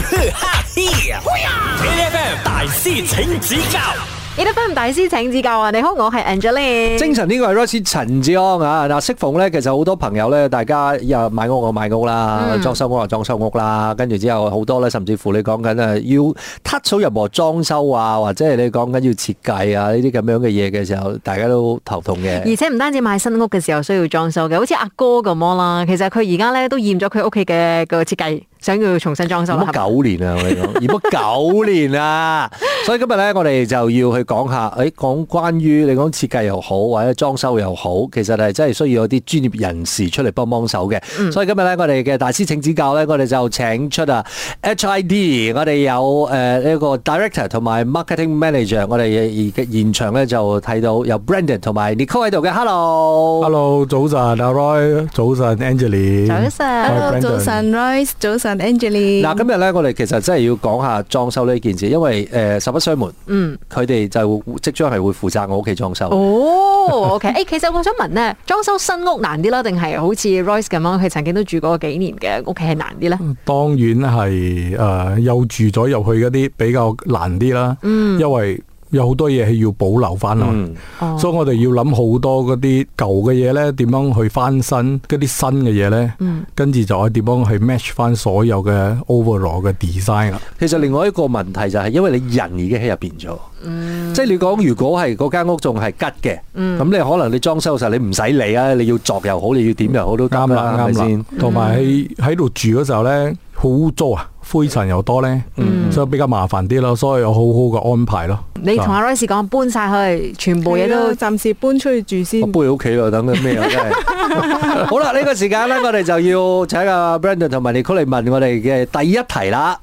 大師請指教，it FM 大師請指教啊！你好我，我係 Angeline 精神呢個係 Royce 陳志安啊！嗱、啊，適逢咧，其實好多朋友咧，大家又買屋我買屋啦，裝修屋啊，裝修屋啦，跟住之後好多咧，甚至乎你講緊啊，要 touch 任何裝修啊，或者係你講緊要設計啊，呢啲咁樣嘅嘢嘅時候，大家都頭痛嘅。而且唔單止買新屋嘅時候需要裝修嘅，好似阿哥咁啦，其實佢而家咧都驗咗佢屋企嘅個設計。想要重新裝修，乜九年啊！我哋講，而乜九年啊！所以今日咧，我哋就要去講下，誒講關於你講設計又好，或者裝修又好，其實係真係需要有啲專業人士出嚟幫幫手嘅。所以今日咧，我哋嘅大師請指教咧，我哋就請出啊 HID，我哋有誒一個 director 同埋 marketing manager，我哋而現場咧就睇到有 Brendan 同埋 Nicole 喺度嘅。Hello，Hello，早晨，Roy，早晨，Angeline，早晨，Hello，早晨，Roy，早晨。Angeline，嗱今日咧，我哋其實真係要講下裝修呢件事，因為誒，實不相瞞，嗯，佢哋就即將係會負責我屋企裝修。哦，OK，誒，其實我想問咧，裝修新屋難啲啦，定係好似 Royce 咁樣，佢曾經都住過幾年嘅屋企係難啲咧？當然係誒，又住咗入去嗰啲比較難啲啦，嗯，因為。有好多嘢係要保留翻去，所以我哋要諗好多嗰啲舊嘅嘢咧，點樣去翻新，嗰啲新嘅嘢咧，跟住就可以點樣去 match 翻所有嘅 overall 嘅 design 啦。其實另外一個問題就係，因為你人已經喺入邊咗，即係你講如果係嗰間屋仲係吉嘅，咁你可能你裝修嘅時候你唔使理啊，你要作又好，你要點又好都啱啦，係咪先？同埋喺喺度住嗰時候咧，好污糟啊！灰塵又多咧，嗯、所以比較麻煩啲咯，所以有好好嘅安排咯。你同阿 Royce 講搬晒去，全部嘢都暫時搬出去住先。搬喺屋企啊，先等緊咩啊？真係。好啦，呢、這個時間咧，我哋就要請阿 Brendan 同埋你 Nicole 嚟問我哋嘅第一題啦。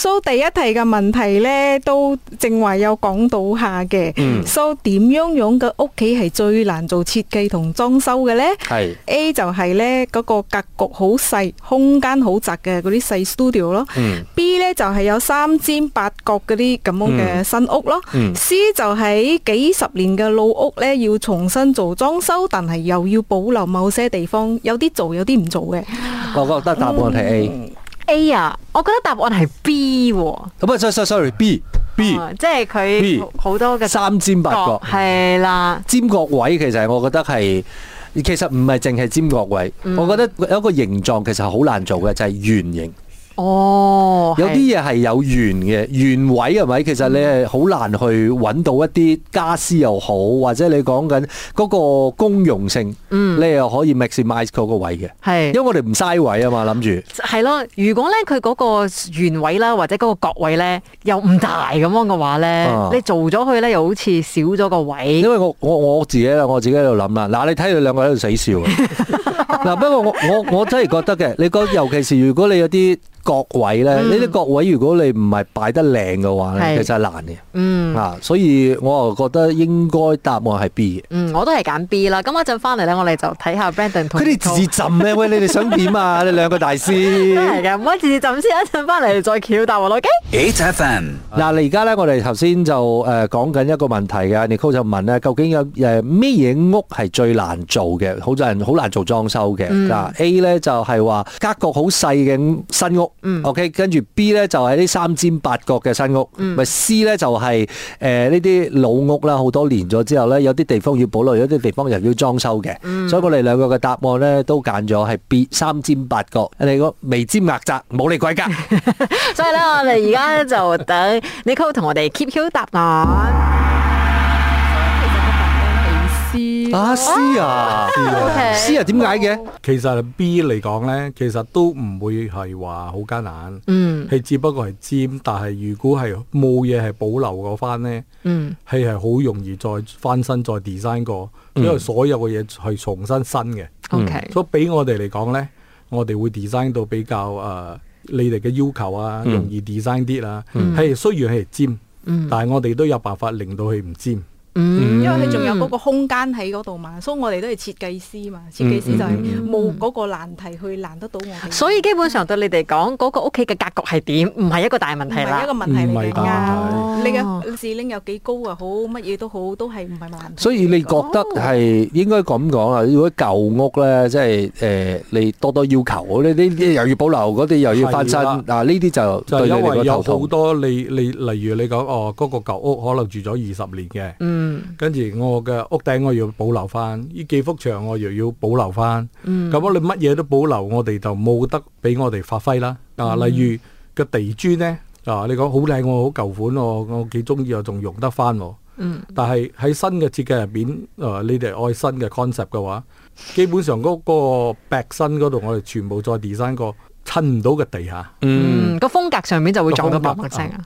So，第一題嘅問題咧，都正話有講到下嘅。嗯、So，點樣樣嘅屋企係最難做設計同裝修嘅咧？係是 A 就係咧嗰個格局好細、空間好窄嘅嗰啲細 studio 咯。嗯、B 咧就係有三尖八角嗰啲咁樣嘅新屋咯。嗯嗯、C 就係幾十年嘅老屋咧，要重新做裝修，但係又要保留某些地方，有啲做，有啲唔做嘅。我覺得答案係 A。嗯 A 啊，我覺得答案係 B 喎、啊。咁啊、oh，sorry，sorry，B，B、哦、即係佢好多嘅三尖八角係、哦、啦，尖角位其實我覺得係，其實唔係淨係尖角位，嗯、我覺得有一個形狀其實係好難做嘅就係、係、圓形。哦，有啲嘢係有圓嘅圓位係咪？其實你係好難去揾到一啲傢俬又好，或者你講緊嗰個公用性，嗯、你又可以 maximize 嗰個位嘅。係是，因為我哋唔嘥位啊嘛，諗住。係咯，如果咧佢嗰個圓位啦，或者嗰個角位咧又唔大咁樣嘅話咧，啊、你做咗佢咧又好似少咗個位。因為我我我自己我自己喺度諗啦，嗱你睇佢兩個喺度死笑，嗱不過我我我真係覺得嘅，你講尤其是如果你有啲。角位咧，呢啲角位，如果你唔係擺得靚嘅話咧，其實係難嘅。嗯，啊，所以我又覺得應該答案係 B 嘅。嗯，我都係揀 B 啦。咁一陣翻嚟咧，我哋就睇下 Brandon 同佢哋自浸咧。喂，你哋想點啊？你兩個大師真係嘅，唔好自浸先。一陣翻嚟再挑戰我哋嗱，你而家咧，我哋頭先就誒講緊一個問題嘅，Nicole 就問咧，究竟有誒咩嘢屋係最難做嘅？好多人好難做裝修嘅。嗱，A 咧就係話格局好細嘅新屋。嗯，OK，跟住 B 咧就係呢三尖八角嘅新屋，咪 C 咧就係誒呢啲老屋啦，好多年咗之後咧，有啲地方要保留，有啲地方又要裝修嘅，mm hmm. 所以我哋兩個嘅答案咧都揀咗係 B 三尖八角，你個眉尖額窄冇你鬼格，所以咧我哋而家就等 Nico 同我哋 keep Q 答案。啊，C 啊，C 啊，點解嘅？其實 B 嚟講咧，其實都唔會係話好艱難。嗯，係只不過係尖，但係如果係冇嘢係保留嗰翻咧，嗯，係係好容易再翻新再 design 過，因為所有嘅嘢係重新新嘅。OK，所以俾我哋嚟講咧，我哋會 design 到比較誒，你哋嘅要求啊，容易 design 啲啦。嗯，係雖然係尖，但係我哋都有辦法令到佢唔尖。Mm hmm. 因為佢仲有嗰個空間喺嗰度嘛，所以我哋都係設計師嘛，設計師就係冇嗰個難題去難得到我。嗯嗯嗯嗯、所以基本上對你哋講，嗰、嗰個屋企嘅格局係點，唔係一個大問題啦，唔係一個問題嚟㗎。嗯你嘅指令有幾高啊？好乜嘢都好，都係唔係難。所以你覺得係應該咁講啊？如果舊屋咧，即係誒，你多多要求，呢啲又要保留，嗰啲又要翻新啊？呢啲就就因為有好多你、你，例如你講哦，嗰個舊屋可能住咗二十年嘅，嗯，跟住我嘅屋頂我要保留翻，呢幾幅牆我又要保留翻，咁樣你乜嘢都保留，我哋就冇得俾我哋發揮啦。啊，例如嘅地磚咧。啊！你講好靚喎，好舊款喎，我幾中意啊，仲用得返喎。嗯。但係喺新嘅設計入邊，啊，你哋愛新嘅 concept 嘅話，基本上嗰個白身嗰度，我哋全部再 design 個襯唔到嘅地下。嗯。個風格上面就會撞到啊。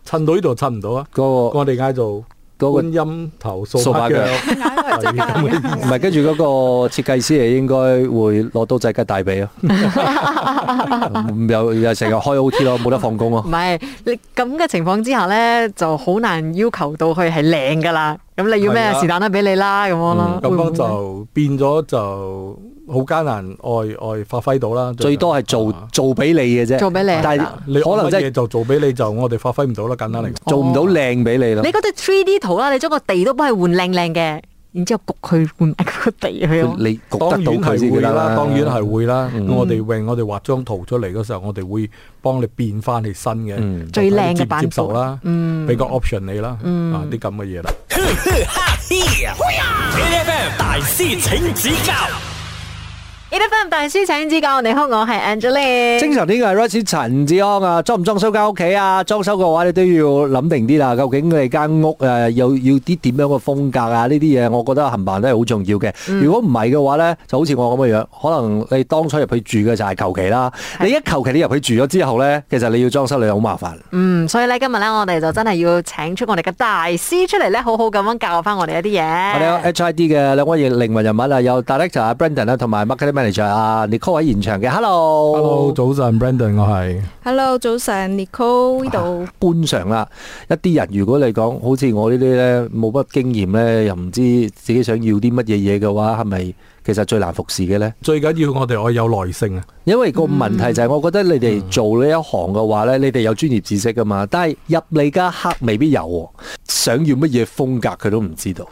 襯到呢度，襯唔到啊。個我哋嗌做。嗰個音頭掃把腳，唔係跟住嗰個設計師係應該會攞刀仔吉大髀啊，又又成日開 O T 咯，啊，冇得放工咯。唔係 你咁嘅情況之下咧，就好難要求到佢係靚噶啦。咁你要咩？是但都俾你啦，咁樣咯。咁、嗯、樣就變咗就好艱難，愛愛發揮到啦。最多係做、啊、做俾你嘅啫， 做俾你。但係是、啊、你可能嘢就做俾你就我哋發揮唔到啦，簡單嚟講，嗯、做唔到靚俾你啦。你嗰啲 three D 圖啦，你將個地都幫佢換靚靚嘅。然之後焗佢換佢地佢，得到係會啦，當然係會啦。Mm. 我哋們用我哋畫張圖出嚟嗰時候，我哋會幫你變翻、mm. 你新嘅最靚嘅接受啦，俾、mm. 個 option 你啦，啊啲咁嘅嘢啦。e l e v a t 大師請指教，你好，我係 Angela。正常呢個係 Rice 陳志安啊，裝唔裝修間屋企啊？裝修嘅話，你都要諗定啲啦。究竟你間屋誒，又、呃、要啲點樣嘅風格啊？呢啲嘢，我覺得冚唪都係好重要嘅。嗯、如果唔係嘅話咧，就好似我咁嘅樣，可能你當初入去住嘅就係求其啦。是你一求其你入去住咗之後咧，其實你要裝修你好麻煩。嗯，所以咧今日咧我哋就真係要請出我哋嘅大師出嚟咧，好好咁樣教翻我哋一啲嘢。我哋有 HID 嘅兩位靈魂人物啊，有 Director 阿 Brandon 啊，同埋 Marky。嚟著啊！Nicole 喺現場嘅，hello，hello，早晨，Brendan，我係，hello，早晨，Nicole，呢度觀賞啦。一啲人，如果你講，好似我呢啲咧，冇乜經驗咧，又唔知自己想要啲乜嘢嘢嘅話，係咪？其實最難服侍嘅咧，最緊要我哋我有耐性啊！因為個問題就係，我覺得你哋做呢一行嘅話咧，嗯、你哋有專業知識噶嘛，但係入你家客未必有，啊，想要乜嘢風格佢都唔知道。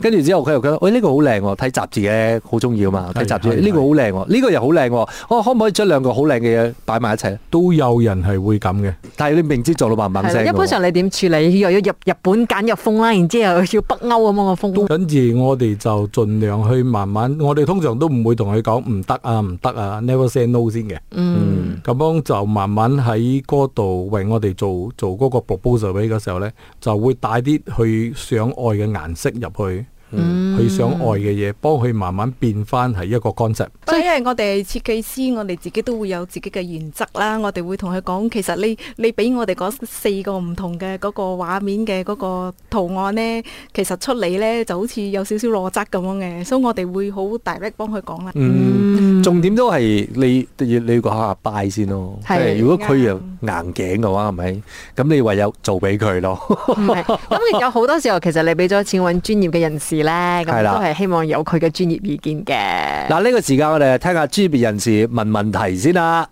跟住、嗯、之後佢又覺得，喂、哎、呢、呢個好靚，啊，睇雜誌嘅好中意啊嘛，睇雜誌呢個好靚，啊、呢、呢個又好靚，我可唔可以將兩個好靚嘅嘢擺埋一齊都有人係會咁嘅，但係你明知做到嘭嘭聲。一般上你點處理？又要入日本簡入風啦，啊，然之後又要北歐咁樣嘅風，啊。跟住我哋就盡量去慢慢我哋通常都唔會同佢講唔得啊，唔得啊，never say no 先嘅。嗯，咁樣就慢慢喺嗰度為我哋做做個 proposal 嘅時候咧，就會帶啲去想愛嘅顏色入去。嗯。佢、嗯、想愛嘅嘢，幫佢慢慢變翻係一個乾淨。所以我哋設計師，我哋自己都會有自己嘅原則啦。我哋會同佢講，其實你你俾我哋嗰四個唔同嘅嗰個畫面嘅嗰個圖案呢，其實出嚟呢就好似有少少落質咁樣嘅，所以我哋會好大力幫佢講啦。嗯嗯、重點都係你你要你講下、啊、拜先咯。是如果佢又硬頸嘅話，係咪對？咁你唯有做俾佢咯。咁 有好多時候，其實你俾咗錢揾專業嘅人士呢。係啦，都係希望有佢嘅專業意見嘅。嗱，呢、這個時間我哋聽下專業人士問問題先啦。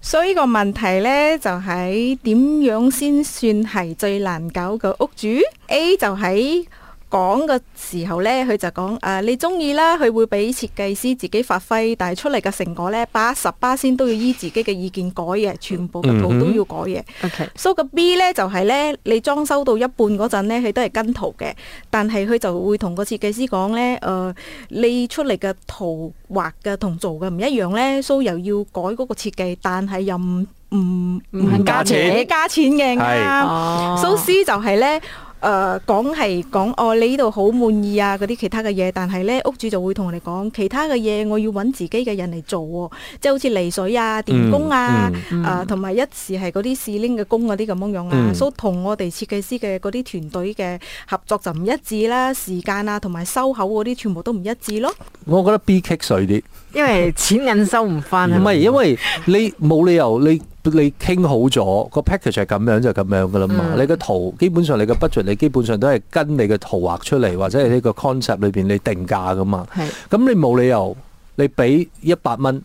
所以 to、so，個問題呢，就喺、是、點樣先算係最難搞嘅屋主？A 就喺、是。講嘅時候呢，佢就講啊，你中意啦，佢會俾設計師自己發揮，但係出嚟嘅成果呢，八十巴仙都要依自己嘅意見改嘅，全部嘅圖都要改嘅。OK，So B 呢就係、是、呢，你裝修到一半嗰陣呢，佢都係跟圖嘅，但係佢就會同個設計師講呢：呃「誒，你出嚟嘅圖畫嘅同做嘅唔一樣咧，So 又要改嗰個設計，但係又唔唔唔加錢，加錢嘅，So C、oh. so、就係呢。誒講係講哦，你呢度好滿意啊！嗰啲其他嘅嘢，但係咧屋主就會同我哋講其他嘅嘢，我要揾自己嘅人嚟做喎，即係好似泥水啊、電工啊、誒同埋一時係嗰啲試拎嘅工嗰啲咁樣樣啊，所以同我哋設計師嘅嗰啲團隊嘅合作就唔一致啦，時間啊同埋收口嗰啲全部都唔一致咯。我覺得 B 級水啲，因為錢銀收唔翻啊，唔係因為你冇理由你。你傾好咗個 package 係咁樣就咁樣噶啦嘛，你個圖基本上你個 budget 你基本上都係跟你個圖畫出嚟或者係呢個 concept 裏邊你定價噶嘛，咁你冇理由你俾一百蚊，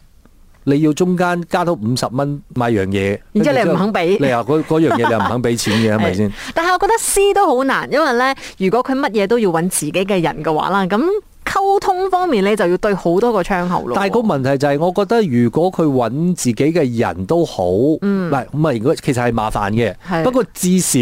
你要中間加多五十蚊買樣嘢，然之後你又唔肯俾，你又嗰嗰樣嘢你又唔肯俾錢嘅係咪先？但係我覺得 C 都好難，因為咧，如果佢乜嘢都要揾自己嘅人嘅話啦，咁。溝通方面你就要對好多個窗口咯。但係個問題就係、是，我覺得如果佢揾自己嘅人都好，唔係咁啊。其實係麻煩嘅。是不過至少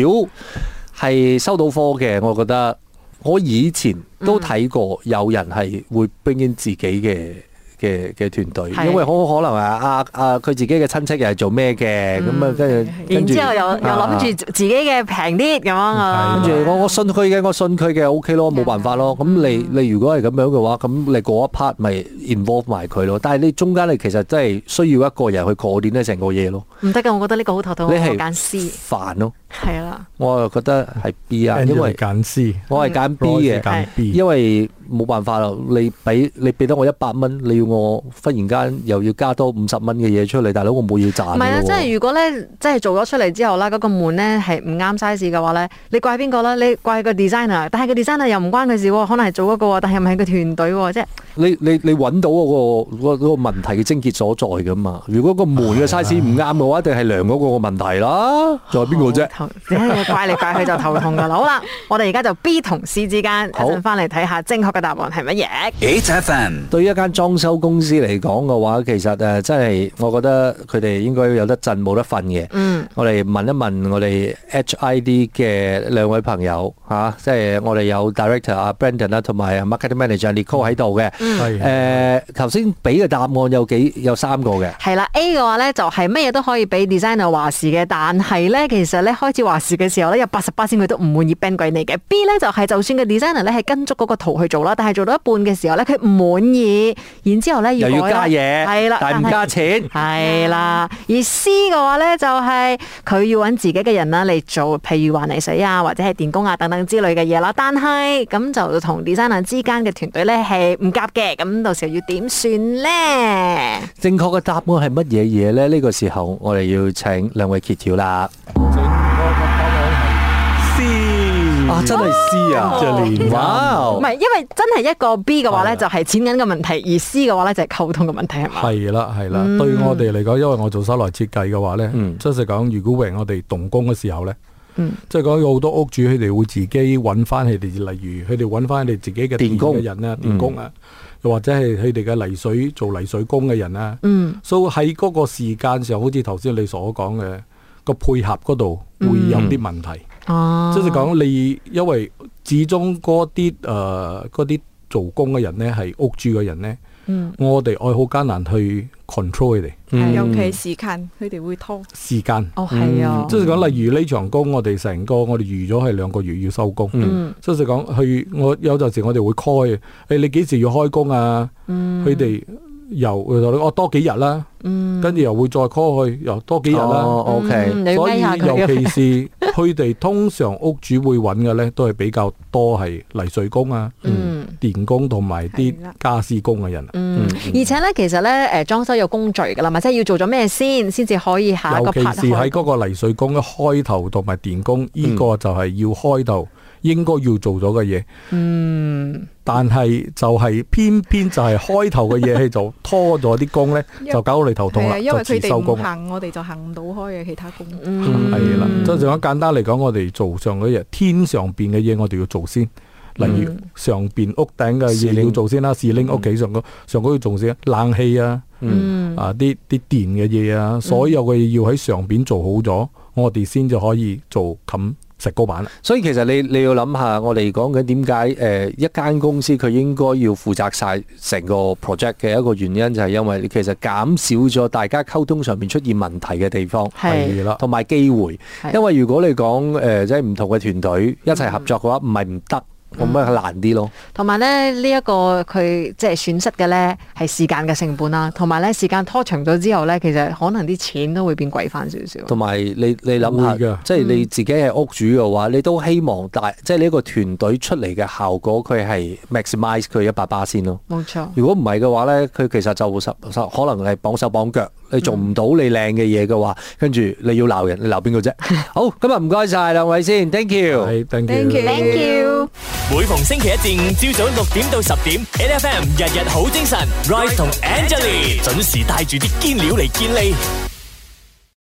係收到貨嘅，我覺得。我以前都睇過有人係會兵變自己嘅。嘅嘅團隊，因為好可能啊，阿阿佢自己嘅親戚、嗯、又係做咩嘅？咁啊跟住、啊，然之後又又諗住自己嘅平啲咁啊，跟住我我信佢嘅，我信佢嘅 O K 咯，冇辦法咯。咁的、嗯、你你如果係咁樣嘅話，咁你嗰一 part 咪 involve 埋佢咯。但係你中間你其實真係需要一個人去過點呢成個嘢咯。唔得㗎，我覺得呢個好頭痛。你係揀師煩咯。係啦，我又覺得係 B 啊，因為揀 C，我係揀 B 嘅，因為冇辦法啦。你俾你俾得我一百蚊，你要我忽然間又要加多五十蚊嘅嘢，出嚟大佬，我冇要賺。唔係啊，即係如果咧，即係做咗出嚟之後啦，嗰個門咧係唔啱 size 嘅話咧，你怪邊個啦？你怪個 designer，但係個 designer 又唔關佢事，可能係做嗰個，但係唔係個團隊，即係你你你搵到嗰個嗰嗰個問題嘅症結所在噶嘛？如果個門嘅 size 唔啱嘅話，一定係量嗰個個問題啦，仲有邊個啫？ 怪嚟怪去就頭痛噶。好啦，我哋而家就 B 同 C 之間，好翻嚟睇下正確嘅答案係乜嘢。誒 f f 對於一間裝修公司嚟講嘅話，其實誒，真係我覺得佢哋應該有得震冇得瞓嘅。嗯，我哋問一問我哋 HID 嘅兩位朋友吓，即、啊、係、就是、我哋有 Director 阿 Brendan 啦，同埋 Marketing Manager Nico 喺度嘅。誒、嗯，頭先俾嘅答案有幾有三個嘅。係啦，A 嘅話咧就係乜嘢都可以俾 designer 話事嘅，但係咧其實咧接話事嘅時候咧，有八十八先佢都唔滿意，ban g 鬼你嘅。B 咧就係、是、就算個 designer 咧係跟足嗰個圖去做啦，但係做到一半嘅時候咧，佢唔滿意，然之後咧又要加嘢，係啦了，但係唔加錢，係啦了。 而 C 嘅話咧就係佢要揾自己嘅人啦嚟做，譬如泥水啊，或者係電工啊等等之類嘅嘢啦。但係咁就同 designer 之間嘅團隊咧係唔夾嘅，咁到時候要點算咧？正確嘅答案係乜嘢嘢咧？呢、這個時候我哋要請兩位揭曉啦。啊、真係 C 啊，即係連唔係？哦、因為真係一個 B 嘅話咧，了就係錢銀嘅問題；而 C 嘅話咧，就係、是、溝通嘅問題。係嘛係啦係啦，嗯、對我哋嚟講，因為我做室內設計嘅話咧，真實講，如果為我哋動工嘅時候咧，嗯，即係講好多屋主佢哋會自己揾翻佢哋，例如佢哋揾翻佢哋自己嘅電,電工嘅人啊，電工啊，又或者係佢哋嘅泥水做泥水工嘅人啊，嗯，所以喺嗰個時間上，好似頭先你所講嘅、個配合嗰度會有啲問題。嗯哦，即係講你，因為始終嗰啲誒，啲做工嘅人咧，係屋住嘅人咧，我哋愛好艱難去 control 佢哋，尤其是時間，佢哋會拖時間。哦，係啊，即係講例如呢場工，我哋成個我哋預咗係兩個月要收工，即係講去我有陣時我哋會 call，誒你幾時要開工啊？佢哋又哦多幾日啦，跟住又會再 call 去又多幾日啦。OK，所以尤其是。佢哋通常屋主會揾嘅呢，都係比較多係泥水工啊、嗯嗯、電工同埋啲家私工嘅人、啊。嗯，嗯而且呢，其實呢，誒裝修有工序嘅啦嘛，即係要做咗咩先，先至可以下一個拍。尤其是喺嗰個泥水工開頭同埋電工，呢、嗯、個就係要開到。應該要做咗嘅嘢，嗯，但係就係偏偏就係開頭嘅嘢，係就拖咗啲工咧，就搞到你頭痛啦。因為佢哋唔行，我哋就行唔到開嘅其他工。嗯，係啦，即係講簡單嚟講，我哋做上嗰日天上邊嘅嘢，我哋要做先，例如上邊屋頂嘅嘢你要做先啦，是拎屋企上高上高要做先，冷氣啊，嗯，啊啲啲電嘅嘢啊，所有嘅嘢要喺上邊做好咗，我哋先就可以做冚。石膏板。所以其實你你要諗下我，我哋講緊點解誒一間公司佢應該要負責晒成個 project 嘅一個原因，就係因為其實減少咗大家溝通上面出現問題嘅地方，係啦的，同埋機會。的因為如果你講誒、呃、即係唔同嘅團隊一齊合作嘅話，唔係唔得。嗯咁咪難啲咯，同埋咧呢一個佢即係損失嘅咧係時間嘅成本啦，同埋咧時間拖長咗之後咧，其實可能啲錢都會變貴翻少少。同埋你你諗下，的即係你自己係屋主嘅話，嗯、你都希望大即係呢一個團隊出嚟嘅效果，佢係 maximize 佢一百巴仙咯。冇錯，如果唔係嘅話咧，佢其實就會可能係綁手綁腳。你做唔到你靚嘅嘢嘅話，跟住你要鬧人，你鬧邊個啫？ 好，今日唔該晒兩位先，thank you，thank you，thank you。每逢星期一至五朝早六點到十點，N F M 日日好精神，Royce 同 Angeline 準時帶住啲堅料嚟健利。